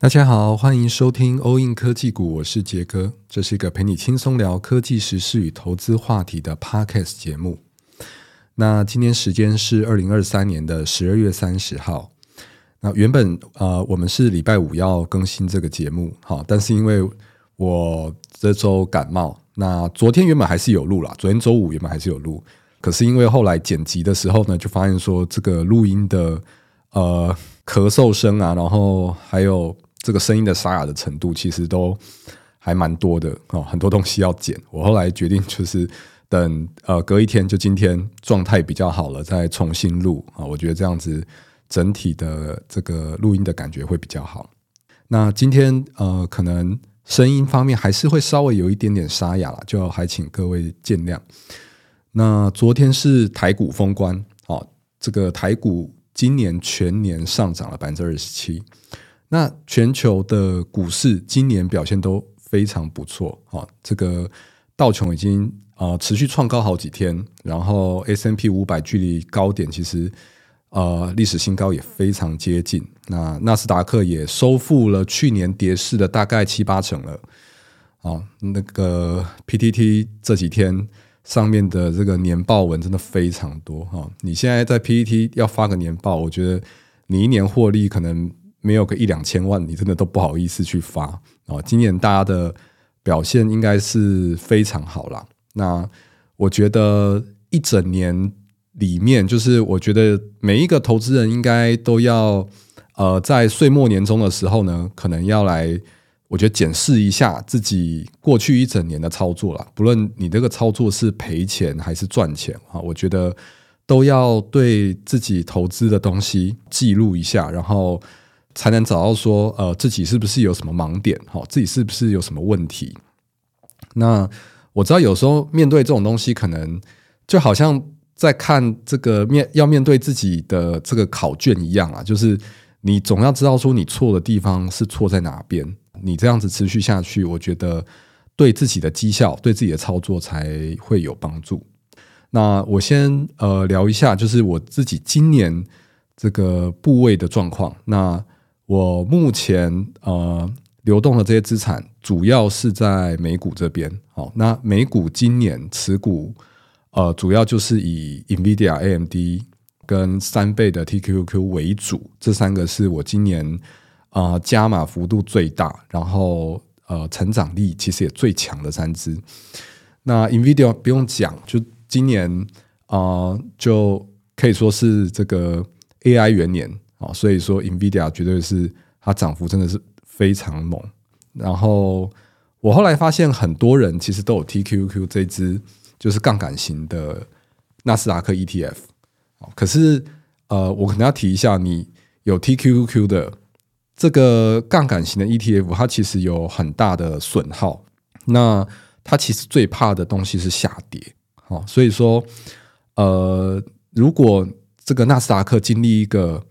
大家好，歡迎收聽歐印科技股，我是傑哥。這是一個陪你輕鬆聊科技時事與投資話題的 Podcast 節目。那今天時間是二零二三年的十二月三十號。那原本呃，我們是禮拜五要更新這個節目，哈，但是因為我這週感冒，那昨天原本還是有錄啦，昨天週五原本還是有錄，可是因為後來剪輯的時候呢，就發現說這個錄音的呃咳嗽聲啊，然後還有。這個聲音的沙啞的程度，其實都還蠻多的哦，很多東西要剪。我後來決定就是等呃隔一天，就今天狀態比較好了再重新錄啊、哦，我覺得這樣子整體的這個錄音的感覺會比較好。那今天呃，可能聲音方面還是會稍微有一點點沙啞了，就還請各位見諒。那昨天是台股封關哦，這個台股今年全年上漲了百分之二十七。那全球的股市今年表現都非常不錯啊、哦！這個道瓊已經啊、呃、持續創高好幾天，然後 S&P 500距離高點其實啊、呃、歷史新高也非常接近。那納斯達克也收復了去年跌勢的大概七八成了。啊、哦，那個 P T T 這幾天上面的這個年報文真的非常多哈、哦！你現在在 P T T 要發個年報，我覺得你一年獲利可能。沒有個一兩千萬，你真的都不好意思去發。今年大家的表現應該是非常好了。那我覺得一整年裡面，就是我覺得每一個投資人應該都要呃，在歲末年終的時候呢，可能要來我覺得檢視一下自己過去一整年的操作了。不論你這個操作是賠錢還是賺錢啊，我覺得都要對自己投資的東西記錄一下，然後。才能找到說，呃，自己是不是有什麼盲點？好，自己是不是有什麼問題？那我知道有時候面對這種東西，可能就好像在看這個面要面對自己的這個考卷一樣啊。就是你總要知道說你錯的地方是錯在哪邊。你這樣子持續下去，我覺得對自己的績效、對自己的操作才會有幫助。那我先呃聊一下，就是我自己今年這個部位的狀況。那我目前呃流動的這些資產主要是在美股這邊。好，那美股今年持股呃主要就是以 NVIDIA、AMD 跟三倍的 TQQQ 為主，這三個是我今年啊、呃、加碼幅度最大，然後呃成長力其實也最強的三支。那 NVIDIA 不用講，就今年啊、呃、就可以說是這個 AI 元年。啊，所以說，NVIDIA 絕對是它漲幅真的是非常猛。然後我後來發現，很多人其實都有 TQQQ 這支就是槓桿型的納斯達克 ETF。好，可是呃，我可能要提一下，你有 TQQQ 的這個槓桿型的 ETF，它其實有很大的損耗。那它其實最怕的東西是下跌。好，所以說，呃，如果這個納斯達克經歷一個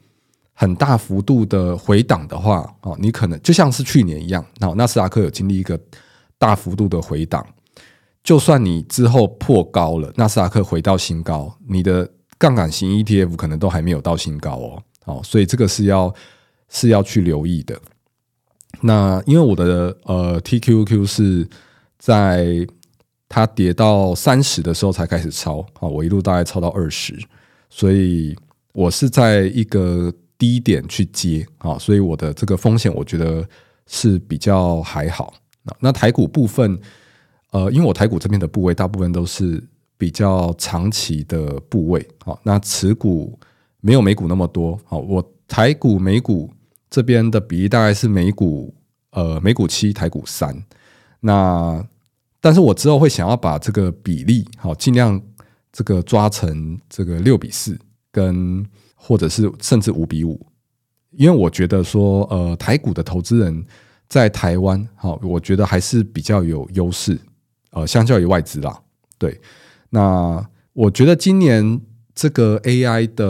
很大幅度的回檔的話，哦，你可能就像是去年一樣，哦，納斯達克有經歷一個大幅度的回檔，就算你之後破高了，納斯達克回到新高，你的槓桿型 ETF 可能都還沒有到新高哦，哦，所以這個是要是要去留意的。那因為我的呃 TQQ 是在它跌到三十的時候才開始抄，哦，我一路大概抄到二十，所以我是在一個低點去接啊，所以我的這個風險我覺得是比較還好。那台股部分，呃，因為我台股這邊的部位大部分都是比較長期的部位，好，那持股沒有美股那麼多，好，我台股美股這邊的比例大概是美股呃美股七台股三，那但是我之後會想要把這個比例好盡量這個抓成這個六比四跟，或者是甚至五比五，因為我覺得說，呃，台股的投資人在台灣，好，我覺得還是比較有優勢，呃，相較於外資啦。對，那我覺得今年這個 AI 的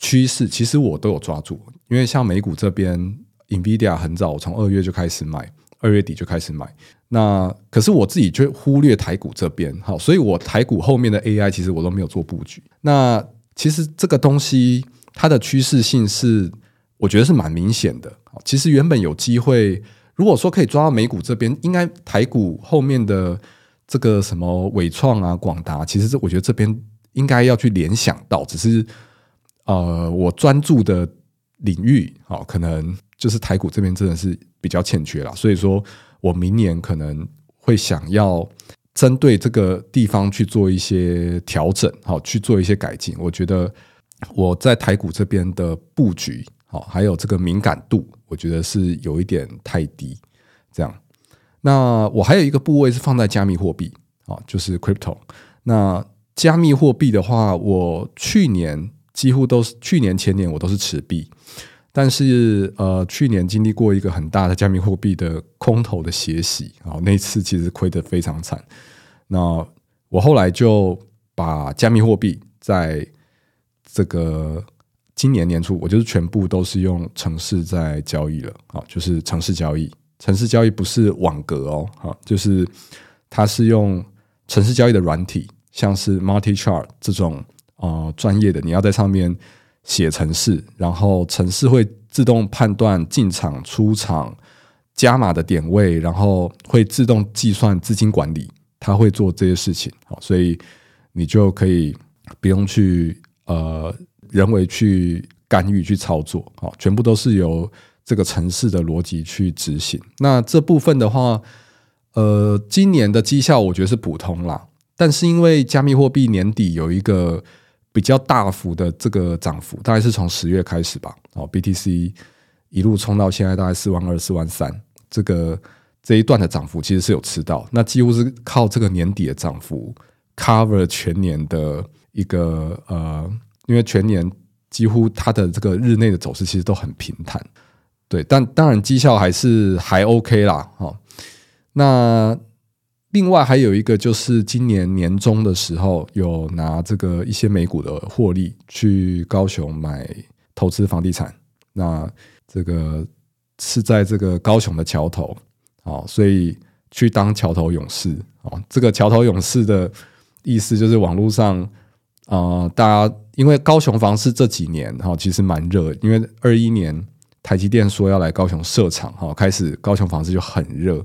趨勢，其實我都有抓住，因為像美股這邊，NVIDIA 很早我從二月就開始買，二月底就開始買。那可是我自己卻忽略台股這邊，好，所以我台股後面的 AI 其實我都沒有做布局。那。其實這個東西它的趨勢性是，我覺得是蠻明顯的。其實原本有機會，如果說可以抓到美股這邊，應該台股後面的這個什麼偉創啊、廣達，其實我覺得這邊應該要去聯想到。只是，呃，我專注的領域啊，可能就是台股這邊真的是比較欠缺了。所以說我明年可能會想要。針對這個地方去做一些調整，好，去做一些改進。我覺得我在台股這邊的布局，好，還有這個敏感度，我覺得是有一點太低，這樣。那我還有一個部位是放在加密貨幣，好，就是 crypto。那加密貨幣的話，我去年幾乎都是，去年前年我都是持幣，但是呃，去年經歷過一個很大的加密貨幣的空頭的血洗，好，那次其實虧得非常慘。那我後來就把加密貨幣在這個今年年初，我就是全部都是用程式在交易了啊，就是程式交易。程式交易不是網格哦，哈，就是它是用程式交易的軟體，像是 MultiCharts 這種啊、呃、專業的，你要在上面寫程式，然後程式會自動判斷進場、出場、加碼的點位，然後會自動計算資金管理。他會做這些事情，好，所以你就可以不用去呃人為去干預去操作，好，全部都是由這個城市的邏輯去執行。那這部分的話，呃，今年的績效我覺得是普通啦，但是因為加密貨幣年底有一個比較大幅的這個漲幅，大概是從十月開始吧，哦，BTC 一路衝到現在大概四萬二、四萬三，這個。這一段的漲幅其實是有吃到，那幾乎是靠這個年底的漲幅 cover 全年的一個呃，因為全年幾乎它的這個日內的走勢其實都很平坦，對，但當然績效還是還 OK 啦，齁。那另外還有一個就是今年年中的時候有拿這個一些美股的獲利去高雄買投資房地產，那這個是在這個高雄的橋頭。哦，所以去當橋頭勇士哦，這個橋頭勇士的意思就是網絡上啊、呃，大家因為高雄房市這幾年哈其實蠻熱，因為二一年台積電說要來高雄設廠哈，開始高雄房市就很熱。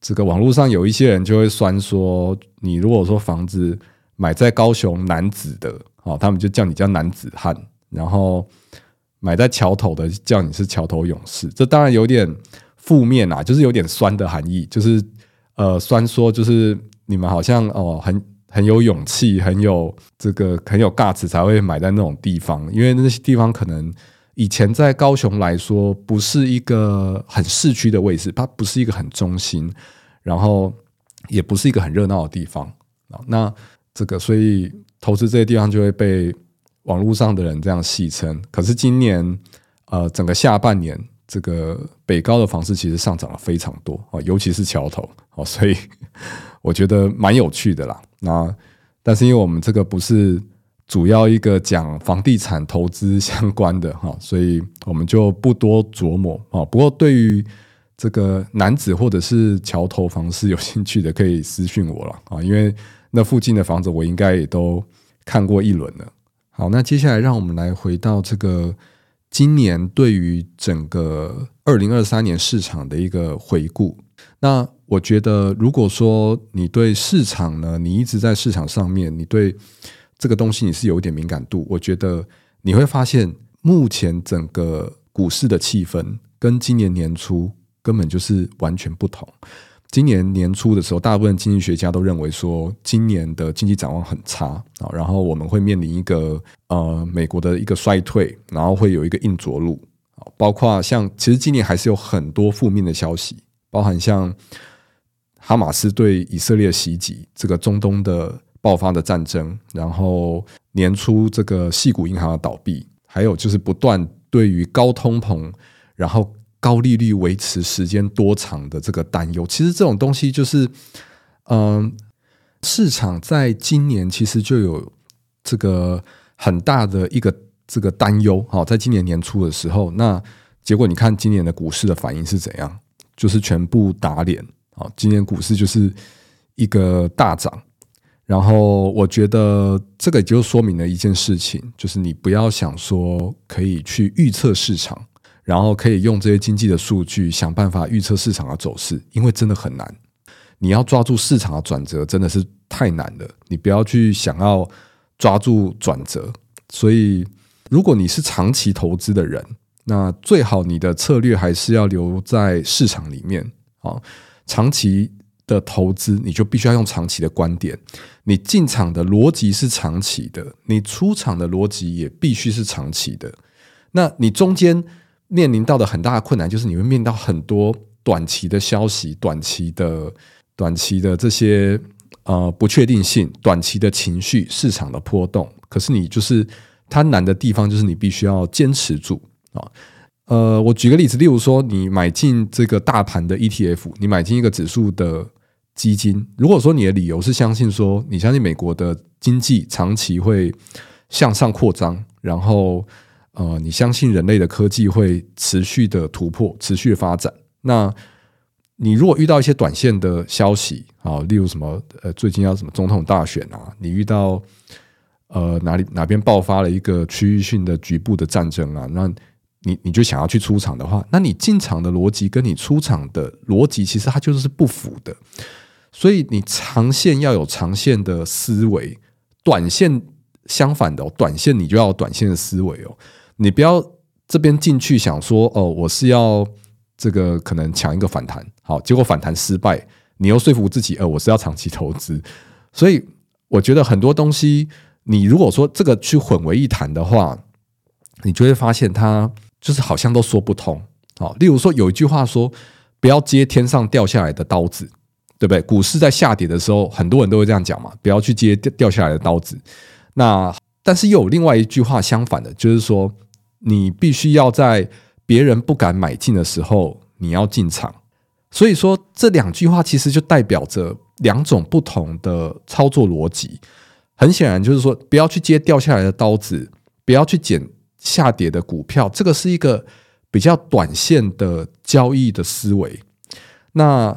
這個網絡上有一些人就會酸說，你如果說房子買在高雄男子的，哦，他們就叫你叫男子漢，然後買在橋頭的叫你是橋頭勇士，這當然有點。負面啊，就是有點酸的含義，就是呃，酸說就是你們好像哦、呃，很很有勇氣，很有這個很有 guts 才會買在那種地方，因為那些地方可能以前在高雄來說不是一個很市區的位置，它不是一個很中心，然後也不是一個很熱鬧的地方啊。那這個所以投資這些地方就會被網絡上的人這樣戲稱。可是今年呃，整個下半年。這個北高的房市其實上漲了非常多啊，尤其是橋頭，所以我覺得蠻有趣的啦。那但是因為我們這個不是主要一個講房地產投資相關的哈，所以我們就不多琢磨。不過對於這個楠梓或者是橋頭房市有興趣的，可以私訊我了啊，因為那附近的房子我應該也都看過一輪了。好，那接下來讓我們來回到這個。今年對於整個2023年市場的一個回顧，那我覺得，如果說你對市場呢，你一直在市場上面，你對這個東西你是有一點敏感度，我覺得你會發現，目前整個股市的氣氛跟今年年初根本就是完全不同。今年年初的時候，大部分經濟學家都認為說，今年的經濟展望很差啊。然後我們會面臨一個呃美國的一個衰退，然後會有一個硬着陸啊。包括像，其實今年還是有很多負面的消息，包含像哈馬斯對以色列襲擊，這個中東的爆發的戰爭，然後年初這個矽谷銀行的倒閉，還有就是不斷對於高通膨，然後。高利率維持時間多長的這個擔憂，其實這種東西就是，嗯，市場在今年其實就有這個很大的一個這個擔憂。好，在今年年初的時候，那結果你看今年的股市的反應是怎樣？就是全部打臉。好，今年股市就是一個大漲。然後我覺得這個就說明了一件事情，就是你不要想說可以去預測市場。然後可以用這些經濟的數據想辦法預測市場的走勢，因為真的很難。你要抓住市場的轉折，真的是太難了。你不要去想要抓住轉折。所以，如果你是長期投資的人，那最好你的策略還是要留在市場裡面啊。長期的投資，你就必須要用長期的觀點。你進場的邏輯是長期的，你出場的邏輯也必須是長期的。那你中間。面臨到的很大的困難就是你會面臨到很多短期的消息、短期的、短期的這些呃不確定性、短期的情緒、市場的波動。可是你就是它難的地方就是你必須要堅持住啊。呃，我舉個例子，例如說你買進這個大盤的 ETF，你買進一個指數的基金。如果說你的理由是相信說你相信美國的經濟長期會向上擴張，然後。呃，你相信人類的科技會持續的突破，持續的發展。那你如果遇到一些短線的消息啊，哦，例如什麼呃，最近要什麼總統大選啊，你遇到呃哪裡哪邊爆發了一個區域性的局部的戰爭啊，那你你就想要去出場的話，那你進場的邏輯跟你出場的邏輯其實它就是不符的。所以你長線要有長線的思維，短線相反的哦，短線你就要有短線的思維哦。你不要這邊進去想說哦、呃，我是要這個可能搶一個反彈，好，結果反彈失敗，你又說服自己，呃，我是要長期投資，所以我覺得很多東西，你如果說這個去混為一談的話，你就會發現它就是好像都說不通。好，例如說有一句話說，不要接天上掉下來的刀子，對不對？股市在下跌的時候，很多人都會這樣講嘛，不要去接掉下來的刀子。那但是又有另外一句話相反的，就是說，你必須要在別人不敢買進的時候，你要進場。所以說這兩句話其實就代表着兩種不同的操作邏輯。很顯然就是說，不要去接掉下來的刀子，不要去撿下跌的股票，這個是一個比較短線的交易的思維。那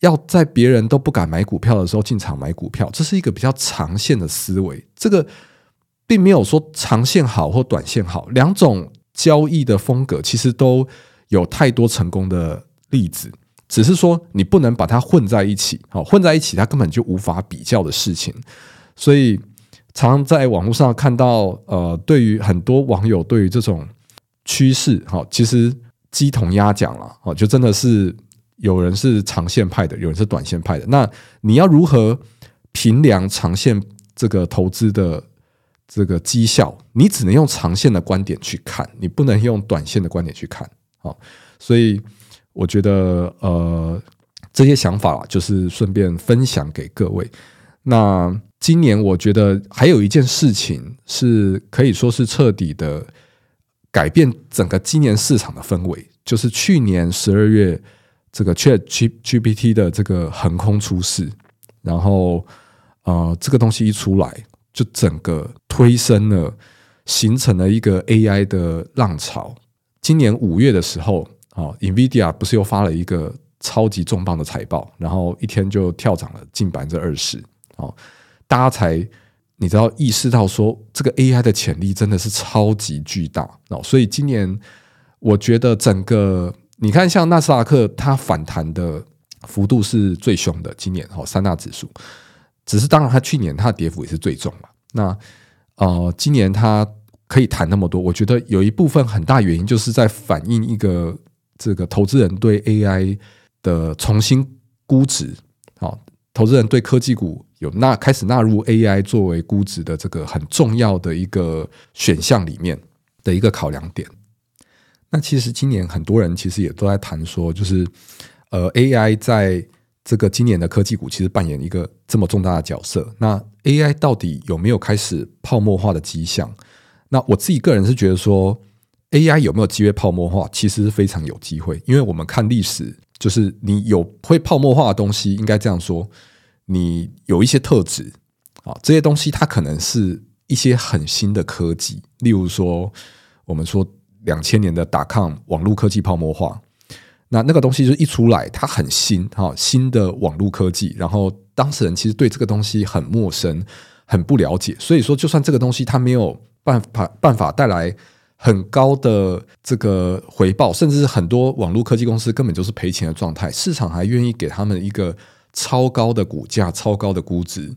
要在別人都不敢買股票的時候進場買股票，這是一個比較長線的思維。這個。並沒有說長線好或短線好，兩種交易的風格其實都有太多成功的例子，只是說你不能把它混在一起。好，混在一起，它根本就無法比較的事情。所以，常常在網絡上看到，呃，對於很多網友對於這種趨勢，哈，其實雞同鴨講了，哦，就真的是有人是長線派的，有人是短線派的。那你要如何評量長線這個投資的？這個績效，你只能用長線的觀點去看，你不能用短線的觀點去看啊。所以，我覺得呃，這些想法、啊、就是順便分享給各位。那今年，我覺得還有一件事情是可以說是徹底的改變整個今年市場的氛圍，就是去年十二月這個 ChatGPT 的這個橫空出世，然後啊、呃，這個東西一出來。就整個推升了，形成了一個 AI 的浪潮。今年五月的時候，啊，NVIDIA 不是又發了一個超級重磅的財報，然後一天就跳漲了近百分之二十，哦，大家才你知道意識到說這個 AI 的潛力真的是超級巨大哦。所以今年我覺得整個你看，像納斯達克它反彈的幅度是最兇的，今年哦，三大指數。只是，當然，它去年它的跌幅也是最重的。那呃，今年它可以談那麼多，我覺得有一部分很大原因就是在反映一個這個投資人對 AI 的重新估值。哦，投資人對科技股有納開始納入 AI 作為估值的這個很重要的一個選項裡面的一個考量點。那其實今年很多人其實也都在談說，就是呃，AI 在。這個今年的科技股其實扮演一個這麼重大的角色，那 AI 到底有沒有開始泡沫化的跡象？那我自己個人是覺得說，AI 有沒有機會泡沫化，其實是非常有機會，因為我們看歷史，就是你有會泡沫化的東西，應該這樣說，你有一些特質啊，這些東西它可能是一些很新的科技，例如說我們說兩千年的 .com 網絡科技泡沫化。那那個東西就一出來，它很新，哈，新的網絡科技，然後當事人其實對這個東西很陌生、很不了解，所以說，就算這個東西它沒有辦法、辦法帶來很高的這個回報，甚至是很多網絡科技公司根本就是賠錢的狀態，市場還願意給他們一個超高的股價、超高的估值。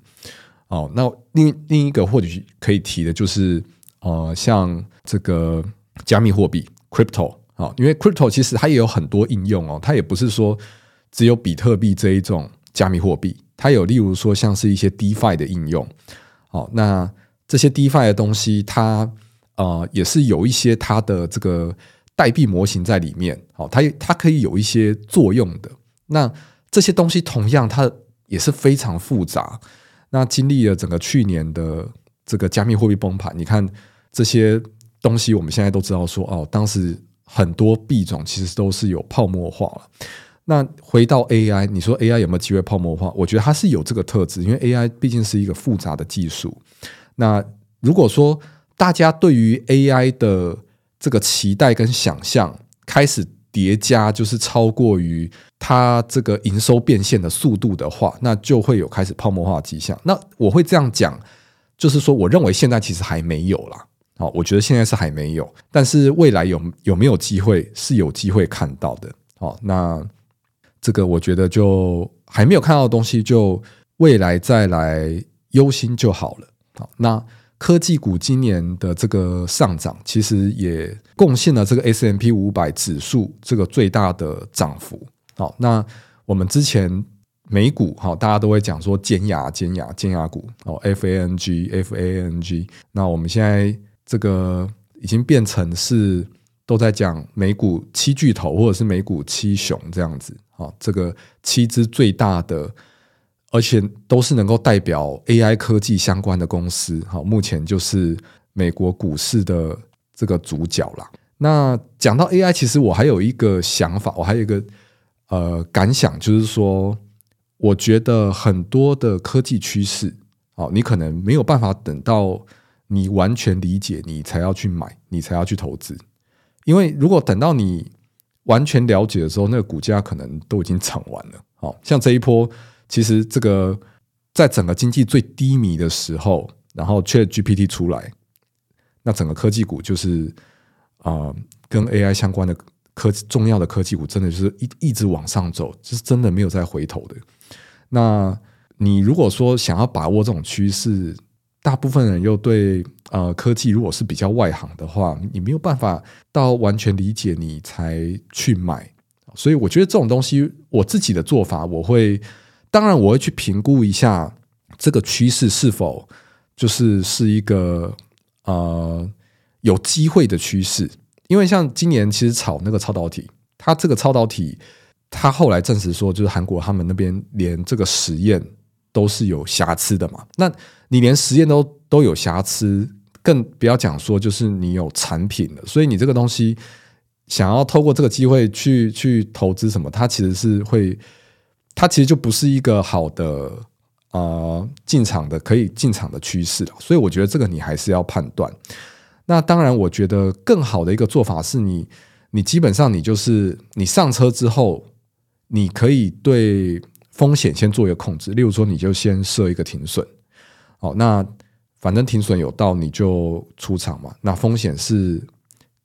哦，那另另一個或許可以提的就是，呃，像這個加密貨幣 （crypto）。Crypto。哦，因為 Crypto 其實它也有很多應用哦，它也不是說只有比特幣這一種加密貨幣，它有例如說像是一些 DeFi 的應用，哦，那這些 DeFi 的東西它，它呃也是有一些它的這個代幣模型在裡面，哦，它它可以有一些作用的。那這些東西同樣它也是非常複雜。那經歷了整個去年的這個加密貨幣崩盤，你看這些東西，我們現在都知道說哦，當時。很多幣種其實都是有泡沫化了。那回到 AI，你說 AI 有沒有機會泡沫化？我覺得它是有這個特質，因為 AI 畢竟是一個複雜的技術。那如果說大家對於 AI 的這個期待跟想象開始疊加，就是超過於它這個營收變現的速度的話，那就會有開始泡沫化的跡象。那我會這樣講，就是說，我認為現在其實還沒有啦。哦，我覺得現在是還沒有，但是未來有有沒有機會是有機會看到的。哦，那這個我覺得就還沒有看到的東西就，就未來再來憂心就好了。好、哦，那科技股今年的這個上漲，其實也貢獻了這個 S&P 五百指數這個最大的漲幅。好、哦，那我們之前美股哈、哦，大家都會講說尖牙尖牙尖牙股哦，F A N G F A N G，那我們現在。這個已經變成是都在講美股七巨頭或者是美股七雄這樣子啊，這個七支最大的，而且都是能夠代表 AI 科技相關的公司。目前就是美國股市的這個主角了。那講到 AI，其實我還有一個想法，我還有一個呃感想，就是說，我覺得很多的科技趨勢，你可能沒有辦法等到。你完全理解，你才要去買，你才要去投資，因為如果等到你完全了解的時候，那個股價可能都已經漲完了。好像這一波，其實這個在整個經濟最低迷的時候，然後 ChatGPT 出來，那整個科技股就是啊、呃，跟 AI 相關的科重要的科技股，真的就是一一直往上走，就是真的沒有再回頭的。那你如果說想要把握這種趨勢，大部分人又對呃科技，如果是比較外行的話，你沒有辦法到完全理解，你才去買。所以我覺得這種東西，我自己的做法，我會當然我會去評估一下這個趨勢是否就是是一個呃有機會的趨勢。因為像今年其實炒那個超導體，它這個超導體，它後來證實說，就是韓國他們那邊連這個實驗都是有瑕疵的嘛，那。你連實驗都都有瑕疵，更不要講說就是你有產品了，所以你這個東西想要透過這個機會去去投資什麼，它其實是會，它其實就不是一個好的啊、呃、進場的可以進場的趨勢了。所以我覺得這個你還是要判斷。那當然，我覺得更好的一個做法是你，你基本上你就是你上車之後，你可以對風險先做一個控制，例如說你就先設一個停損。好、哦，那反正停損有到你就出場嘛，那風險是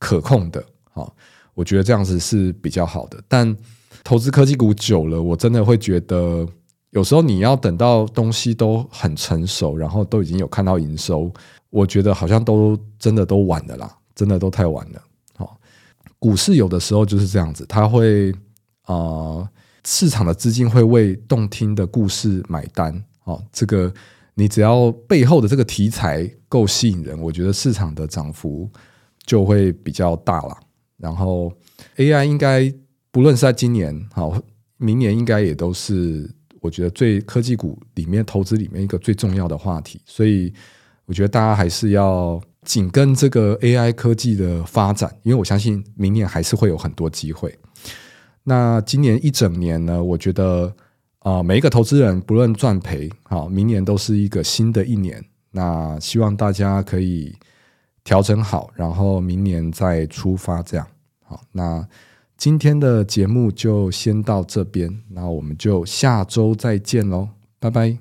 可控的。好、哦，我覺得這樣子是比較好的。但投資科技股久了，我真的會覺得，有時候你要等到東西都很成熟，然後都已經有看到營收，我覺得好像都真的都晚了啦，真的都太晚了。好、哦，股市有的時候就是這樣子，它會啊、呃，市場的資金會為動聽的故事買單。好、哦，這個。你只要背後的這個題材夠吸引人，我覺得市場的漲幅就會比較大了。然後 AI 應該不論是在今年好，明年應該也都是我覺得最科技股裡面投資裡面一個最重要的話題。所以我覺得大家還是要緊跟這個 AI 科技的發展，因為我相信明年還是會有很多機會。那今年一整年呢，我覺得。啊，每一個投資人不論賺賠，好，明年都是一個新的一年。那希望大家可以調整好，然後明年再出發這樣。好，那今天的節目就先到這邊，那我們就下周再見嘍，拜拜。